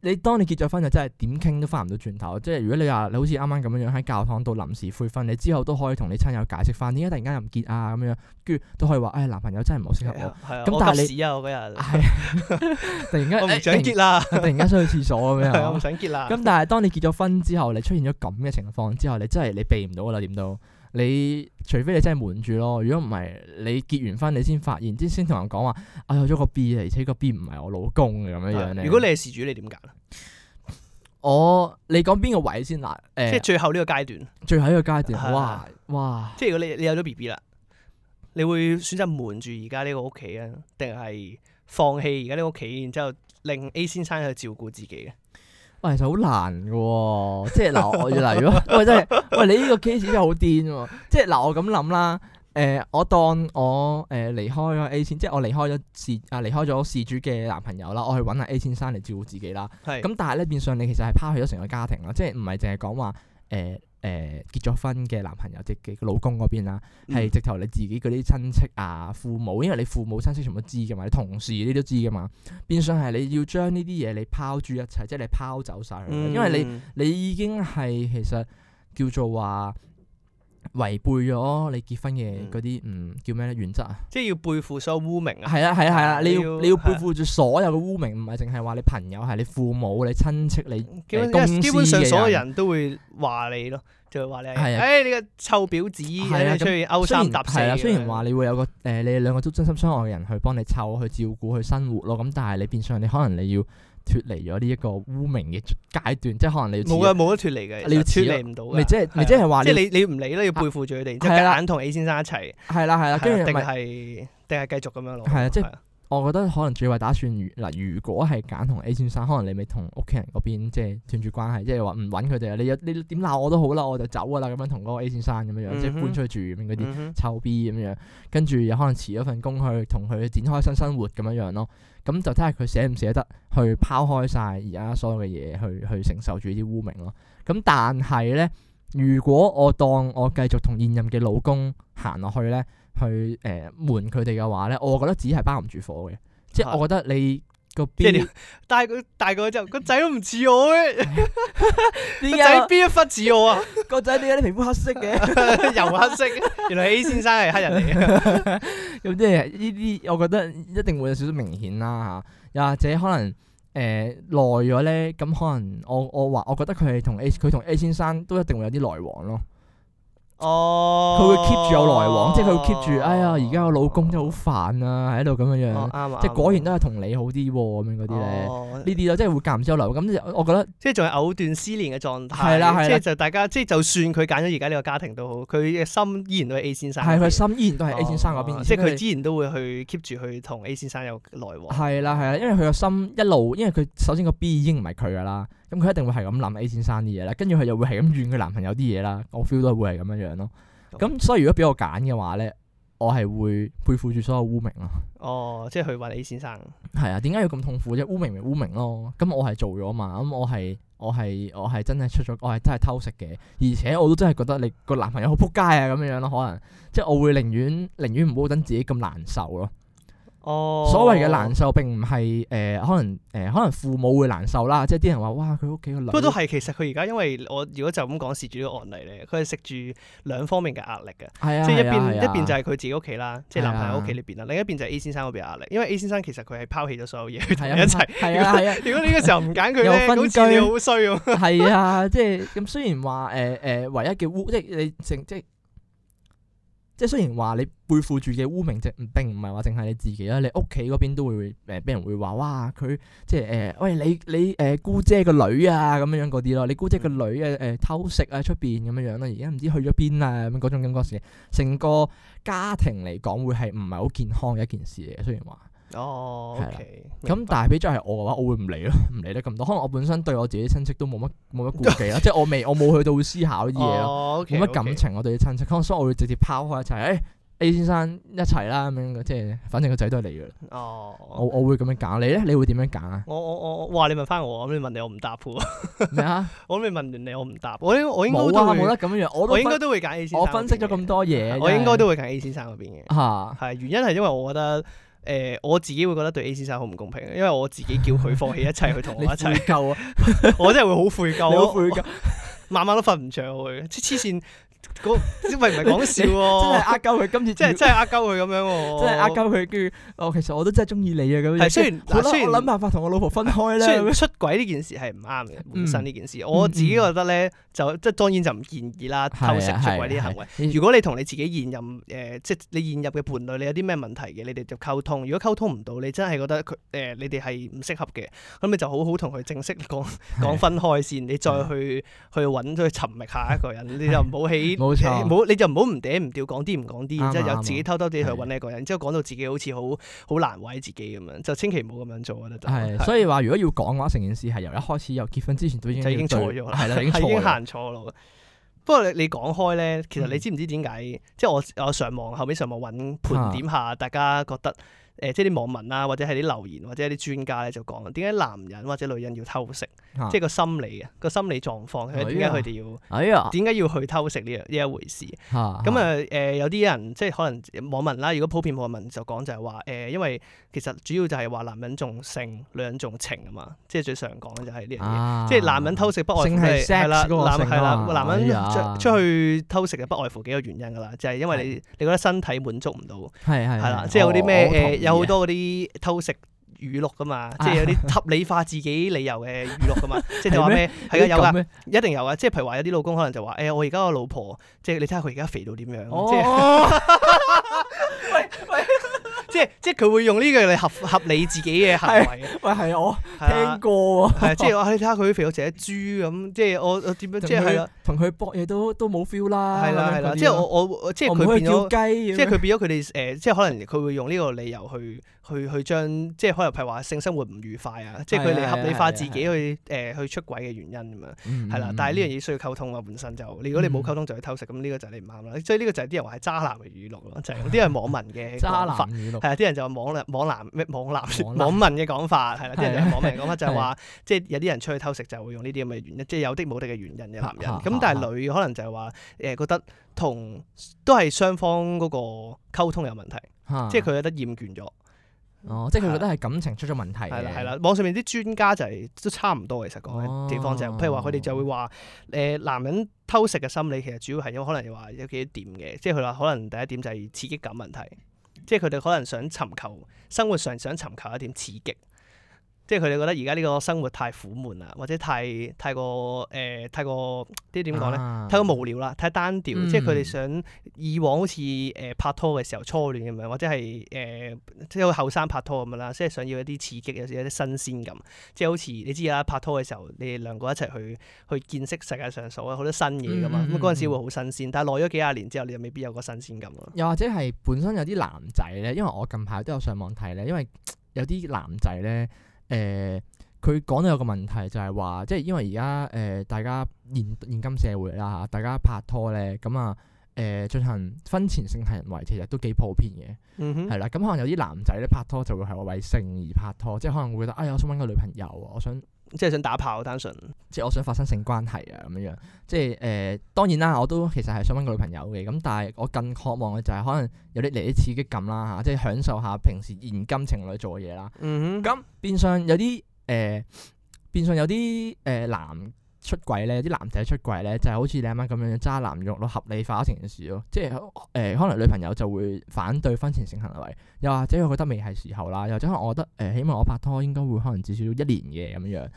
你當你結咗婚就真係點傾都翻唔到轉頭，即係如果你話你好似啱啱咁樣樣喺教堂度臨時悔婚，你之後都可以同你親友解釋翻點解突然間又唔結啊咁樣，跟住都可以話誒、哎、男朋友真係唔好適合我。係啊，啊但你我屎啊我嗰日。係。突然間，間，我唔想結啦。突然間想去廁所咁樣。係啊，我唔想結啦。咁但係當你結咗婚之後， [LAUGHS] 你出現咗咁嘅情況之後，你真係你避唔到啦，點都。你除非你真係瞞住咯，如果唔係你結完婚你先發現，之先同人講話，哎有咗個 B 而且個 B 唔係我老公咁、嗯、樣樣咧。如果你係事主，你點揀？我你講邊個位先嗱？誒、呃，即係最後呢個階段。最後呢個階段，哇的哇！哇即係如果你，你有咗 B B 啦，你會選擇瞞住而家呢個屋企啊，定係放棄而家呢個屋企，然之後令 A 先生去照顧自己嘅？喂，其實好難嘅、哦，即係嗱，我要嚟咯， [LAUGHS] 喂，真係，喂，你呢個 case 真係好癲，即係嗱，我咁諗啦，誒、呃，我當我誒離、呃、開阿 A 先，即係我離開咗事啊，離開咗事主嘅男朋友啦，我去搵阿 A 先生嚟照顧自己啦，咁是但係咧，變相你其實係拋棄咗成個家庭啦，即係唔係淨係講話誒。呃誒，結咗婚嘅男朋友，即嘅老公嗰邊啦，係、嗯、直頭你自己嗰啲親戚啊、父母，因為你父母、親戚全部都知噶嘛，你同事你都知噶嘛，變相係你要將呢啲嘢你拋諸一切，即係你拋走晒佢，嗯、因為你你已經係其實叫做話。違背咗你結婚嘅嗰啲，嗯，叫咩咧？原則啊？即係要背負所有污名啊！係啊，係啊。係啦，你要你要背負住所有嘅污名，唔係淨係話你朋友係你父母、你親戚、你基本上所有人都會話你咯，就會話你係誒你個臭婊子，出去勾三搭四，係啦，雖然話你會有個誒你兩個都真心相愛嘅人去幫你湊去照顧去生活咯，咁但係你變相你可能你要。脫離咗呢一個污名嘅階段，即係可能你冇噶，冇得脫離嘅，你要脫離唔到嘅。咪即係咪即係話即係你你唔理都要背負住佢哋，即係揀同 A 先生一齊。係啦係啦，跟住定係定係繼續咁樣咯。係啊，即係我覺得可能主要係打算如嗱，如果係揀同 A 先生，可能你咪同屋企人嗰邊即係斷住關係，即係話唔揾佢哋啊！你有你點鬧我都好啦，我就走啊啦，咁樣同嗰個 A 先生咁樣樣，即係搬出去住咁嗰啲臭 B 咁樣，跟住又可能辭咗份工去同佢展開新生活咁樣樣咯。咁、嗯、就睇下佢捨唔捨得去拋開晒而家所有嘅嘢，去去承受住啲污名咯。咁、嗯、但係咧，如果我當我繼續同現任嘅老公行落去咧，去誒、呃、瞞佢哋嘅話咧，我覺得自己係包唔住火嘅，的即係我覺得你。個 B 即係，大個大個之後，個仔都唔似我嘅。個仔邊一忽似我啊？個仔點解啲皮膚黑色嘅，又 [LAUGHS] 黑色？ [LAUGHS] 原來 A 先生係黑人嚟嘅。咁即係呢啲，我覺得一定會有少少明顯啦吓，又或者可能誒耐咗咧，咁、呃、可能我我話，我覺得佢係同 A，佢同 A 先生都一定會有啲來往咯。哦，佢會 keep 住有來往，即係佢 keep 住，哎呀，而家個老公真係好煩啊，喺度咁樣樣，即係果然都係同你好啲咁樣嗰啲咧，呢啲咯，即係會隔唔少留。咁我我覺得，即係仲係藕斷絲連嘅狀態。係啦係啦，即係就大家，即係就算佢揀咗而家呢個家庭都好，佢嘅心依然都係 A 先生。係佢心依然都係 A 先生嗰邊，即係佢依然都會去 keep 住去同 A 先生有來往。係啦係啦，因為佢個心一路，因為佢首先個 B 已經唔係佢噶啦。咁佢一定會係咁諗 A 先生啲嘢啦，跟住佢就會係咁怨佢男朋友啲嘢啦。我 feel 到係會係咁樣樣咯。咁對所以如果俾我揀嘅話咧，我係會背負住所有污名咯。哦，即係佢話 A 先生。係啊，點解要咁痛苦啫？污名咪污名咯。咁我係做咗嘛？咁我係我係我係真係出咗，我係真係偷食嘅。而且我都真係覺得你個男朋友好撲街啊咁樣樣咯，可能即係我會寧願寧願唔好等自己咁難受咯。哦，所謂嘅難受並唔係誒，可能誒，可能父母會難受啦，即係啲人話哇，佢屋企個女，不過都係其實佢而家，因為我如果就咁講事主個案例咧，佢係食住兩方面嘅壓力嘅，即係一邊一邊就係佢自己屋企啦，即係男朋友屋企呢邊啦，另一邊就係 A 先生嗰邊壓力，因為 A 先生其實佢係拋棄咗所有嘢去同佢一齊，如果呢個時候唔揀佢咧，好似你好衰咁，係啊，即係咁雖然話誒誒唯一嘅烏，即係你即即係雖然話你背負住嘅污名，即並唔係話淨係你自己啦，你屋企嗰邊都會誒，俾人會話哇，佢即係誒、呃，喂你你誒姑姐個女啊咁樣樣嗰啲咯，你，你、呃、姑姐個女啊誒、呃、偷食啊出邊咁樣樣啦，而家唔知去咗邊啊咁嗰種感覺事，成個家庭嚟講會係唔係好健康嘅一件事嚟嘅，雖然話。哦，咁但係，如果係我嘅話，我會唔理咯，唔理得咁多。可能我本身對我自己親戚都冇乜冇乜顧忌啦，即係我未我冇去到會思考啲嘢咯，冇乜感情我對啲親戚。咁所以我會直接拋開一齊，誒 A 先生一齊啦，咁樣即係，反正個仔都係你嘅啦。哦，我我會咁樣揀，你咧你會點樣揀啊？我我我，哇！你問翻我，咁你問你我唔答喎。咩啊？我未問完你，我唔答。我應我冇得咁樣我應該都會揀 A 先生。我分析咗咁多嘢，我應該都會揀 A 先生嗰邊嘅。係原因係因為我覺得。誒、呃、我自己會覺得對 A 先生好唔公平，因為我自己叫佢放棄一切去同我一齊 [LAUGHS] 悠、啊、 [LAUGHS] 我真係會好悔疚，好愧疚，晚 [LAUGHS] 晚都瞓唔著去，即係黐線。嗰唔係講笑喎，真係呃鳩佢，今次真係真係呃鳩佢咁樣，真係呃鳩佢，跟住我其實我都真係中意你啊咁，雖然，我諗辦法同我老婆分開咧。所以出軌呢件事係唔啱嘅，本身呢件事我自己覺得咧就即係當然就唔建議啦，偷食出軌呢啲行為。如果你同你自己現任誒即係你現任嘅伴侶，你有啲咩問題嘅，你哋就溝通。如果溝通唔到，你真係覺得佢誒你哋係唔適合嘅，咁你就好好同佢正式講講分開先，你再去去搵去尋覓下一個人，你就唔好起。冇錯，你就唔好唔嗲唔吊講啲唔講啲，然之後又自己偷偷哋去揾你一個人，之後講到自己好似好好難為自己咁樣，就千祈唔好咁樣做，我覺得，就係，所以話如果要講嘅話，成件事係由一開始由結婚之前都已經錯咗啦，係啦，已經行錯咯。不過你你講開呢，其實你知唔知點解？即係我我上網後面上網揾盤點下，大家覺得。誒，即係啲網民啊，或者係啲留言，或者啲專家咧，就講點解男人或者女人要偷食，即係個心理嘅個心理狀況，點解佢哋要點解要去偷食呢呢一回事？咁啊誒，有啲人即係可能網民啦。如果普遍網民就講就係話誒，因為其實主要就係話男人重性，女人重情啊嘛。即係最常講就係呢樣嘢，即係男人偷食不外乎係啦，男係啦，男人出去偷食不外乎幾個原因噶啦，就係因為你你覺得身體滿足唔到，係啦，即係有啲咩有好多嗰啲偷食語錄噶嘛，啊、即係有啲合理化自己理由嘅語錄噶嘛， [LAUGHS] 即係就話咩？係啊 [LAUGHS] 嗎、嗯，有㗎，一定有啊！即係譬如話有啲老公可能就話，誒、欸，我而家個老婆，即係你睇下佢而家肥到點樣？即係，喂。即係即係佢會用呢個嚟合合理自己嘅行為。 [LAUGHS] 喂，係我聽過喎的， [LAUGHS] 即係我睇下佢肥到成隻豬咁，嗯，即係我我點樣同佢同佢搏嘢都都冇 feel 啦。係啦係啦，即係我我 [LAUGHS] 即係佢變咗雞、 [LAUGHS] 呃，即係佢變咗佢哋誒，即係可能佢會用呢個理由去。去去將即係可能係話性生活唔愉快啊，即係佢哋合理化自己去誒去出軌嘅原因，咁樣係啦。但係呢樣嘢需要溝通啊，本身就你如果你冇溝通就去偷食，咁呢個就係你唔啱啦。所以呢個就係啲人話係渣男嘅語錄咯，就係有啲係網民嘅渣男語錄係啊，啲人就話網男網男咩網男、網民嘅講法係啦，啲人就係網民嘅講法就係話，即係有啲人出去偷食就會用呢啲咁嘅原因，即係有的冇得嘅原因嘅男人。咁但係女可能就係話誒覺得同都係雙方嗰個溝通有問題，即係佢覺得厭倦咗。哦，即係佢覺得係感情出咗問題嘅，係啦，係啦。網上面啲專家就係、是、都差唔多，其實講嘅地方就，譬、哦、如話佢哋就會話，誒、呃、男人偷食嘅心理其實主要係有可能話有幾點嘅，即係佢話可能第一點就係刺激感問題，即係佢哋可能想尋求生活上想尋求一點刺激。即係佢哋覺得而家呢個生活太苦悶啦，或者太太過誒，太過即點講咧，太過無聊啦，太單調。啊、即係佢哋想以往好似誒拍拖嘅時候初戀咁樣，嗯、或者係誒即係後生拍拖咁啦，即係想要一啲刺激，有有啲新鮮感。即係好似你知啦，拍拖嘅時候，你哋兩個一齊去去見識世界上所有好多新嘢㗎嘛，咁嗰陣時會好新鮮。但係耐咗幾廿年之後，你又未必有個新鮮感又、嗯嗯嗯、或者係本身有啲男仔咧，因為我近排都有上網睇咧，因為有啲男仔咧。誒，佢講、呃、到有個問題，就係、是、話，即係因為而家誒，大家現現今社會啦嚇，大家拍拖咧，咁啊誒、呃，進行婚前性行為，其實都幾普遍嘅，係啦、嗯哼。咁可能有啲男仔咧拍拖就會係為性而拍拖，即係可能會覺得哎呀，我想搵個女朋友，我想。即係想打炮，單純，即係我想發生性關係啊，咁樣樣，即係誒、呃，當然啦，我都其實係想搵個女朋友嘅，咁但係我更渴望嘅就係可能有啲嚟啲刺激感啦吓，即係享受下平時現今情侶做嘅嘢啦。咁、嗯、哼變相有啲誒、呃，變相有啲誒男。呃出軌呢啲男仔出軌呢，就係、是、好似你啱啱咁樣渣男用咯，合理化一件事咯，即係誒、呃，可能女朋友就會反對婚前性行為，又或者佢覺得未係時候啦，又或者可能我覺得誒、呃，起碼我拍拖應該會可能至少一年嘅咁樣。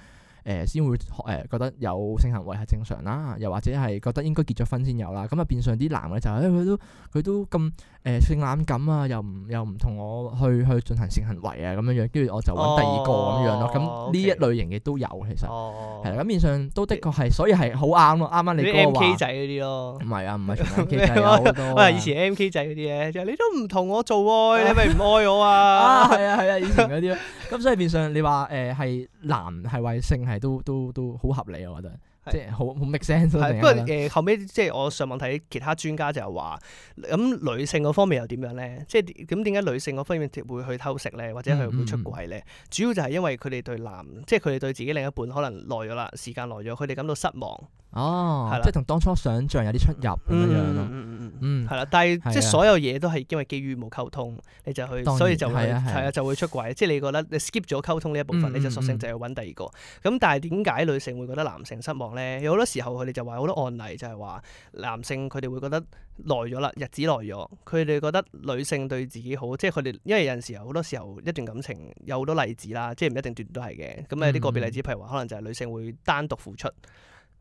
誒先會誒覺得有性行為係正常啦，又或者係覺得應該結咗婚先有啦。咁啊變相啲男嘅就係佢都佢都咁誒性冷感啊，又唔又唔同我去去進行性行為啊咁樣樣，跟住我就揾第二個咁樣咯。咁呢一類型嘅都有其實，係啦。咁變相都的確係，所以係好啱咯。啱啱你講 M K 仔嗰啲咯。唔係啊，唔係全部 M K 仔好多。以前 M K 仔嗰啲嘢，你都唔同我做喎，你咪唔愛我啊！係啊係啊，以前嗰啲。咁所以變相你話誒係男係為性，係，都都都好合理，啊，我覺得，是即係好好 make sense。是 [LAUGHS] 不過誒、呃，後尾即係我上網睇其他專家就係話，咁女性嗰方面又點樣咧？即係咁點解女性嗰方面會去偷食咧，或者佢會出軌咧？嗯嗯嗯，主要就係因為佢哋對男，即係佢哋對自己另一半可能耐咗啦，時間耐咗，佢哋感到失望。哦，係啦，即係同當初想象有啲出入咁樣咯，嗯嗯嗯嗯，係啦，但係即係所有嘢都係因為基於冇溝通，你就去，所以就係係啊，就會出軌。即係你覺得你 skip 咗溝通呢一部分，你就索性就去揾第二個。咁但係點解女性會覺得男性失望咧？有好多時候佢哋就話好多案例就係話男性佢哋會覺得耐咗啦，日子耐咗，佢哋覺得女性對自己好，即係佢哋因為有陣時候好多時候一段感情有好多例子啦，即係唔一定段段都係嘅。咁啊啲個別例子，譬如話可能就係女性會單獨付出。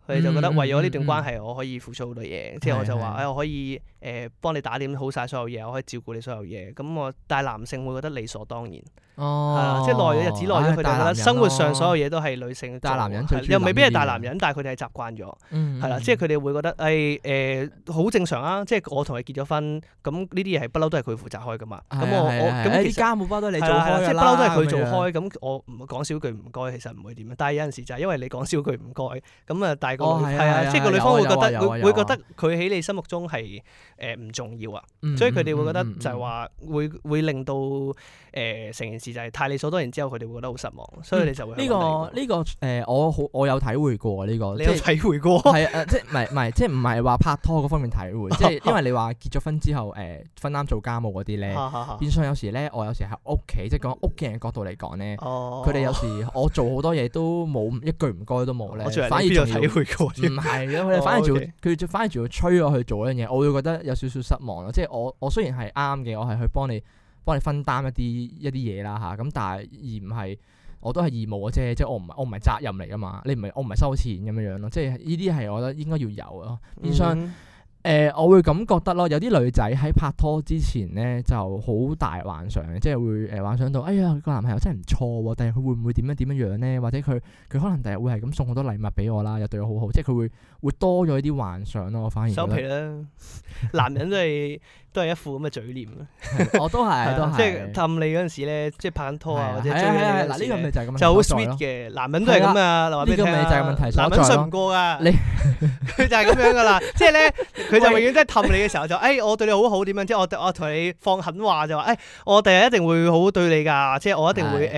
佢哋就覺得為咗呢段關係，嗯嗯、我可以付出好多嘢，之後我就話，誒是、哎，我可以誒幫、呃、你打點好晒所有嘢，我可以照顧你所有嘢，咁我但係男性會覺得理所當然。哦，即係耐咗日子，耐咗佢哋生活上所有嘢都係女性，大男人又未必係大男人，但係佢哋係習慣咗，係啦，即係佢哋會覺得誒誒好正常啊！即係我同佢結咗婚，咁呢啲嘢係不嬲都係佢負責開㗎嘛。咁我我咁，呢啲家務包都係你做開，即係不嬲都係佢做開。咁我唔講少句唔該，其實唔會點。但係有陣時就係因為你講少句唔該，咁啊，大個係啊，即係個女方會覺得會覺得佢喺你心目中係誒唔重要啊，所以佢哋會覺得就係話會會令到誒成件事。就係太理所當然，之後佢哋會覺得好失望，所以你就會呢個呢個誒，我好我有體會過呢個，你有體會過？係啊，即係唔係唔係即係唔係話拍拖嗰方面體會，即係因為你話結咗婚之後誒分擔做家務嗰啲咧，變相有時咧，我有時喺屋企即係講屋企人嘅角度嚟講咧，佢哋有時我做好多嘢都冇一句唔該都冇咧，反而仲要唔係，反而仲佢仲反而仲要催我去做一樣嘢，我會覺得有少少失望咯。即係我我雖然係啱嘅，我係去幫你。幫你分擔一啲一啲嘢啦嚇，咁但係而唔係我都係義務嘅啫，即係我唔我唔係責任嚟噶嘛，你唔係我唔係收錢咁樣樣咯，即係呢啲係我覺得應該要有咯。而相、嗯哼，誒，我會感覺得咯，有啲女仔喺拍拖之前咧就好大幻想即係會誒、呃、幻想到，哎呀個男朋友真係唔錯喎，第日佢會唔會點樣點樣樣咧？或者佢佢可能第日會係咁送好多禮物俾我啦，又對我好好，即係佢會會多咗一啲幻想咯。我反而皮啦， [LAUGHS] 男人都係。 [LAUGHS] 都係一副咁嘅嘴臉咯。 [LAUGHS] [NOISE] 我都係， [LAUGHS] 即係氹你嗰陣時咧，即係拍緊拖啊，或者追你咧。呢、啊啊啊這個咪就係咁咯。就好 sweet 嘅，男人都係咁啊。呢、這個咪就男人信唔過噶，佢你 就係咁樣噶啦。 [LAUGHS] 即係咧，佢就永遠即係氹你嘅時候就，誒、 [LAUGHS] 哎、我對你好好點樣？即我我同你放狠話就話，誒、哎、我第日，日一定會好好對你㗎。即係我一定會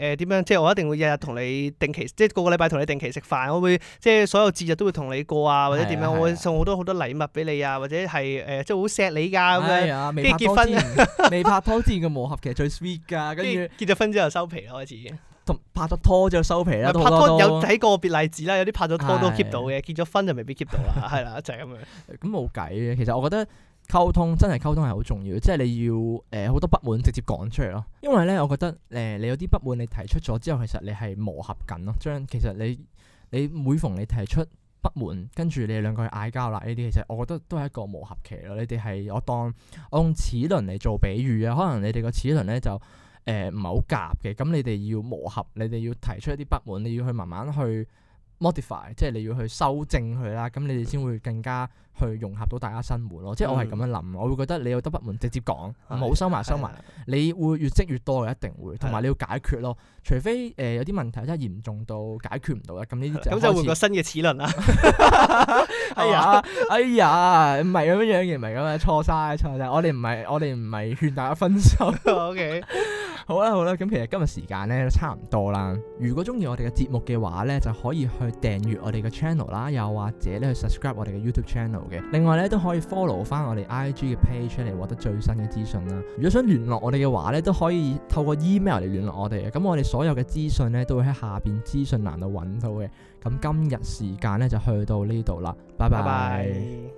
誒誒點樣？即係我一定會日日同你定期，即係個個禮拜同你定期食飯。我會即係所有節日都會同你過啊，或者點樣？啊啊、我會送好多好、啊、多禮物俾你啊，或者係誒、呃、即係好錫你㗎。係啊、哎，未結婚，前 [LAUGHS] 未拍拖之前嘅磨合其實最 sweet 噶跟住結咗婚之後收皮咯，開始同拍咗拖就收皮啦，拍拖有睇個別例子啦，有啲拍咗拖都 keep 到嘅，結咗婚就未必 keep 到啦，係啦， [LAUGHS] 就係、是、咁樣。咁冇計嘅，其實我覺得溝通真係溝通係好重要，即、就、係、是、你要誒好多不滿直接講出嚟咯，因為咧，我覺得誒、呃、你有啲不滿你提出咗之後，其實你係磨合緊咯，將其實你你每逢你提出。不滿，跟住你哋兩個去嗌交啦。呢啲其實我覺得都係一個磨合期咯。你哋係我當我用齒輪嚟做比喻啊，可能你哋個齒輪咧就誒唔係好夾嘅，咁、呃、你哋要磨合，你哋要提出一啲不滿，你要去慢慢去 modify，即係你要去修正佢啦，咁你哋先會更加。去融合到大家生活咯，即係我係咁樣諗，嗯、我會覺得你有得不滿，直接講，唔好收埋收埋，你會越積越多嘅，一定會，同埋你要解決咯，除非誒、呃、有啲問題真係嚴重到解決唔到啦，咁呢啲就咁、嗯、就換個新嘅齒輪啦。哎呀，哎呀，唔係咁樣樣嘅，唔係咁樣錯晒錯晒，我哋唔係我哋唔係勸大家分手。OK，好啦好啦、啊，咁其實今日時間咧都差唔多啦。如果中意我哋嘅節目嘅話咧，就可以去訂閱我哋嘅 channel 啦，又或者咧去 subscribe 我哋嘅 YouTube channel。另外咧都可以 follow 翻我哋 IG 嘅 page 出嚟獲得最新嘅資訊啦。如果想聯絡我哋嘅話咧，都可以透過 email 嚟聯絡我哋。咁我哋所有嘅資訊咧都會喺下邊資訊欄度揾到嘅。咁今日時間咧就去到呢度啦，拜拜。